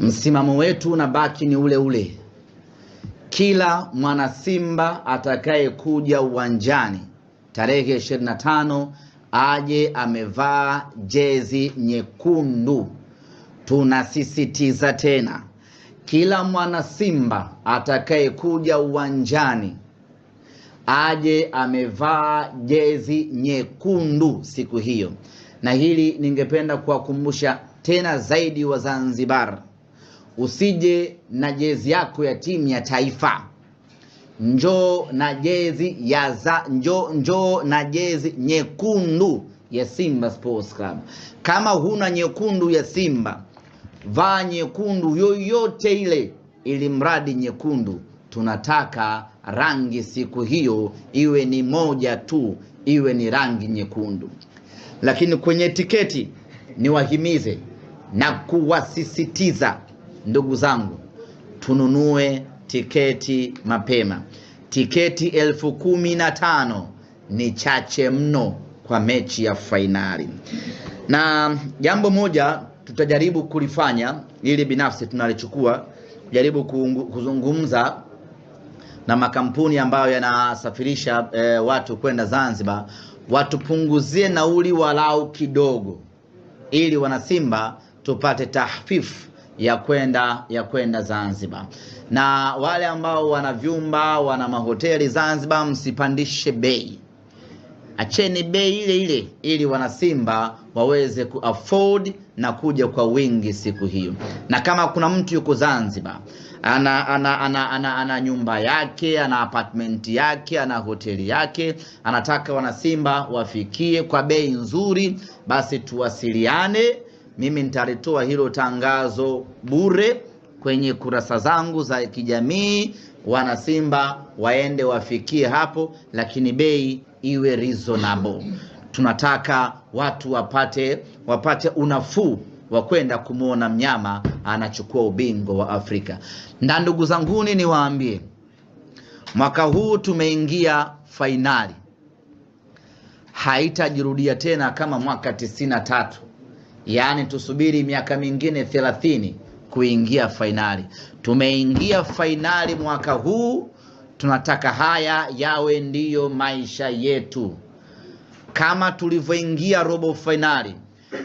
Msimamo wetu unabaki ni ule ule. Kila mwana Simba atakayekuja uwanjani tarehe 25 aje amevaa jezi nyekundu. Tunasisitiza tena, kila mwana Simba atakayekuja uwanjani aje amevaa jezi nyekundu siku hiyo. Na hili ningependa kuwakumbusha tena zaidi wa zanzibar usije na jezi yako ya timu ya taifa, njoo na jezi ya za njoo njoo na jezi nyekundu ya Simba Sports Club. Kama huna nyekundu ya Simba, vaa nyekundu yoyote ile, ili mradi nyekundu. Tunataka rangi siku hiyo iwe ni moja tu, iwe ni rangi nyekundu. Lakini kwenye tiketi niwahimize na kuwasisitiza ndugu zangu, tununue tiketi mapema. Tiketi elfu kumi na tano ni chache mno kwa mechi ya fainali, na jambo moja tutajaribu kulifanya, ili binafsi tunalichukua jaribu kuzungumza na makampuni ambayo yanasafirisha e, watu kwenda Zanzibar, watupunguzie nauli walau kidogo, ili wanasimba tupate tahfifu ya kwenda ya kwenda Zanzibar, na wale ambao wana vyumba wana mahoteli Zanzibar, msipandishe bei, acheni bei ile ile ili wanasimba waweze afford na kuja kwa wingi siku hiyo. Na kama kuna mtu yuko Zanzibar ana, ana, ana, ana, ana nyumba yake ana apartment yake ana hoteli yake, anataka wanasimba wafikie kwa bei nzuri, basi tuwasiliane mimi nitalitoa hilo tangazo bure kwenye kurasa zangu za kijamii. Wanasimba waende wafikie hapo, lakini bei iwe reasonable. Tunataka watu wapate wapate unafuu wa kwenda kumwona mnyama anachukua ubingwa wa Afrika. Na ndugu zanguni, niwaambie mwaka huu tumeingia fainali, haitajirudia tena kama mwaka tisini na tatu yaani tusubiri miaka mingine thelathini kuingia fainali. Tumeingia fainali mwaka huu, tunataka haya yawe ndiyo maisha yetu, kama tulivyoingia robo fainali,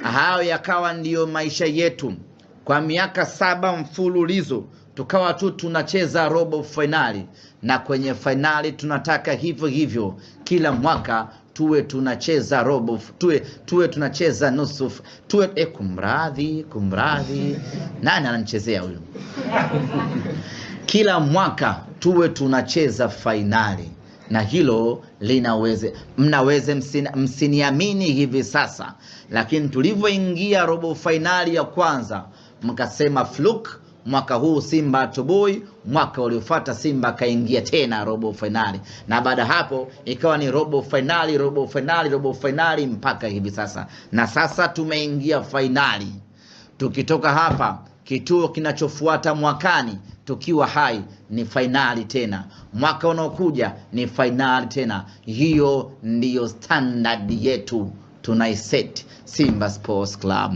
hayo yakawa ndiyo maisha yetu kwa miaka saba mfululizo tukawa tu tunacheza robo fainali, na kwenye fainali tunataka hivyo hivyo kila mwaka tuwe tunacheza robo, tuwe tuwe tunacheza nusu, tuwe e, kumradhi, kumradhi, nani ananichezea huyu? Kila mwaka tuwe tunacheza fainali, na hilo linaweze, mnaweze, msiniamini hivi sasa, lakini tulivyoingia robo fainali ya kwanza mkasema fluke Mwaka huu Simba atoboi, mwaka uliofuata Simba akaingia tena robo fainali, na baada hapo ikawa ni robo fainali, robo fainali, robo fainali mpaka hivi sasa, na sasa tumeingia fainali. Tukitoka hapa, kituo kinachofuata mwakani tukiwa hai ni fainali tena, mwaka unaokuja ni fainali tena. Hiyo ndiyo standard yetu tunaiset Simba Sports Club.